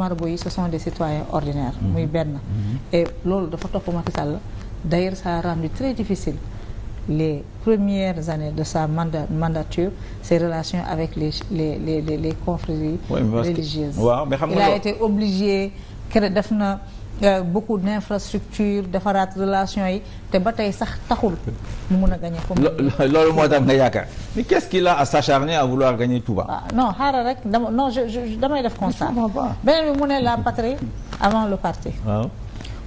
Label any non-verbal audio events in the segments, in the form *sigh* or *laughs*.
marabout yi ce sont des citoyens ordinaires mhm. muy benn mhm. et loolu dafa topp Macky Sall d'ailleurs ça a rendu très difficile les premières années de sa mandat mandature ses relations avec les les les les confréries religieuses waaw mais xam nga il a été obligé que def na Euh, beaucoup d' infrastructure defaraat relation yi te ba tey sax taxul mu mun a gagné. loolu moo tax nga yaakaar mais qu'est-ce qu'il a à s'acharner à vouloir gagner Touba. ah non xaaral rek dama non je damay def constat. beneen bi mu ne la patrie avant le parti.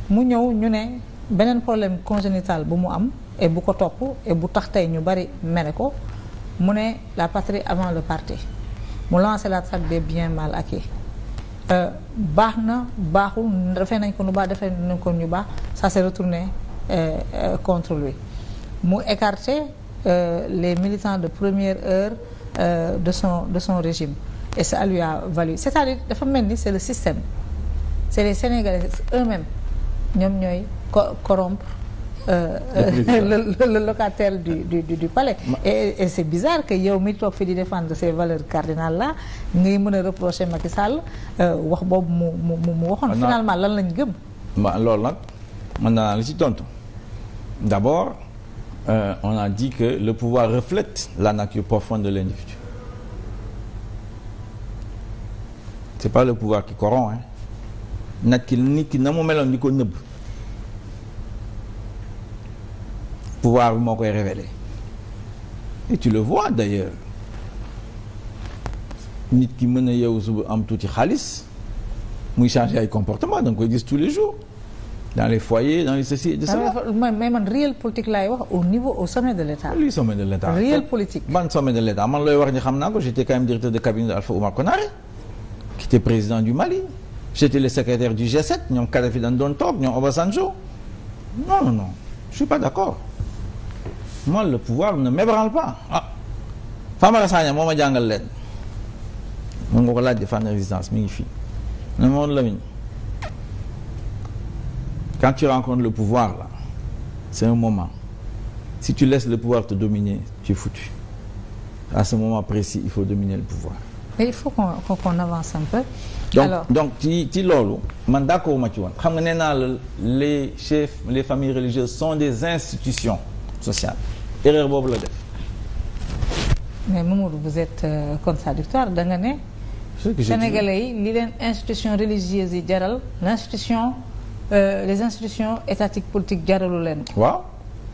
mu ñëw ñu ne beneen problème congénital bu mu am et bu ko topp et bu tax tey ñu bari mere ko mu ne la patrie avant le parti mu lancé la traque des biens mal acquis. Euh, baax na baaxul defee nañ ko nu baax defee nañ ko ñu baax ça s'est retourné euh, euh, contre lui mu écarté les militants de première heure de son de son régime et ça lui a valu c'est-à-dire dafa mel ni c'est le système c'est les Sénégalais eux-mêmes ñoom ñooy corrompre Euh, euh *laughs* le, le, le locataire du, du, du, du palais. Ma... Et, c'est bizarre que yow mi toog fi di défendre ces valeurs cardinales là ngay mën a reprocher Macky Sall euh, wax boobu mu mu mu waxoon. finalement lan lañ gëm. ma loolu nag mën naa la ci tontu dabor euh, on a dit que le pouvoir reflète la nature profonde de l'individu. c'est pas le pouvoir qui corrompt nag ki nit ki na mu meloon di ko nëbb. pouvoir bi moo koy révélé et le vois d'ailleurs nit ki mën a yeewu suba am tuuti xaalis muy changer ay comportement da nga koy gis tous les jours dans les foyers dans les ceci au niveau au sommet de l'État. luy sommet de l'État. réel politique. man sommet de l'État man looy wax ni xam j'étais quand directeur de cabinet de Alpha Oumar Konaré qui était président du Mali j'étais le secrétaire du G7 ñoom Kadhafi dañ doon toog ñoom Obasanjo non non non je suis pas d'accord. moi le pouvoir ne m'ébranle pas ah Famara Sagna moo ma jàngal leen moom nga ko laaj fan résistance mi ngi fii ne moon Lamine quand tu rencontres le pouvoir là c'est un moment si tu laisses le pouvoir te dominer tu es foutu à ce moment précis il faut dominer le pouvoir mais il faut qu'on qu'on avance peu donc Alors... donc ci ci loolu man d'accord ma ci woon xam nga nee naa la les chefs les familles religieuses sociales erreur boobu la def. mais Mamadou vous êtes euh, contradictoire da nga ne. sénégalais yi li leen institution religieuse yi jaral l' institution euh, les institutions étatiques politiques jaralu leen ko. waaw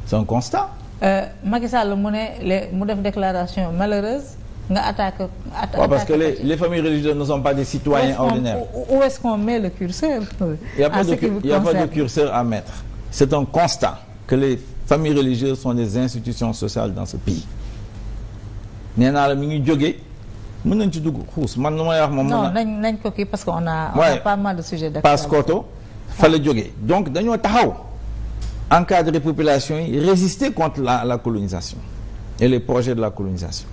c' est un constat. Euh, Macky mu ne mu def déclaration malheureuse nga attaque. attaque ouais, parce que les, les familles religieuses ne sont pas des citoyens où ordinaires. On, est-ce qu'on met le curseur. Euh, y a pas de, il à mettre. c'est un constat que les familles religieuses sont des institutions sociales dans ce pays nee naa la mi ngi jógee mën nañ ci dugg xuus man nu may wax moom. na nañ ko kii parce que on a. on a pas mal de sujets d' Paoskoto fa la jógee donc dañoo taxaw encadrer population yi résister contre la la colonisation et les projets de la colonisation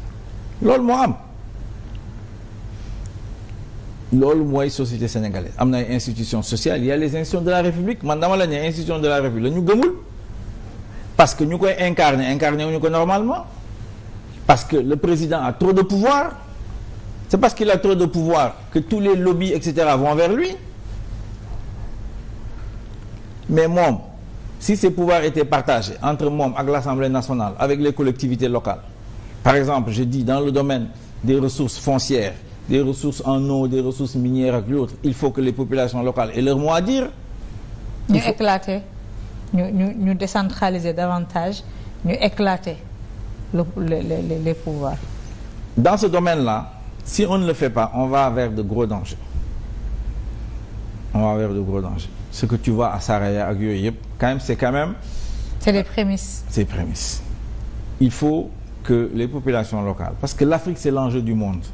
loolu moo am. loolu mooy société sénégalaise am na ay institutions sociales il y a les institutions de la république man dama la ne institution de la république la ñu gëmul. parce que ñu koy incarner incarner wuñu ko normalement parce que le président a trop de pouvoir c'est parce qu'il a trop de pouvoir que tous les lobbies et cetera vont vers lui mais moom si ces pouvoirs étaient partagés entre moom ak l'Assemblée nationale avec les collectivités locales par exemple je dis dans le domaine des ressources foncières des ressources en eau des ressources minières ak l'autre il faut que les populations locales et leur mot à dire ñu ñu ñu ñu décentraliser davantage ñu éclater le les les les dans ce domaine-là si on ne le fait pas on va vers de gros dangers on va vers de gros dangers ce que tu vois à Saraya ak yooyu yëpp quand même c'est quand même. c'est les prémices. c'est les prémices il faut que les populations locales parce que l'Afrique c'est l'enjeu du monde.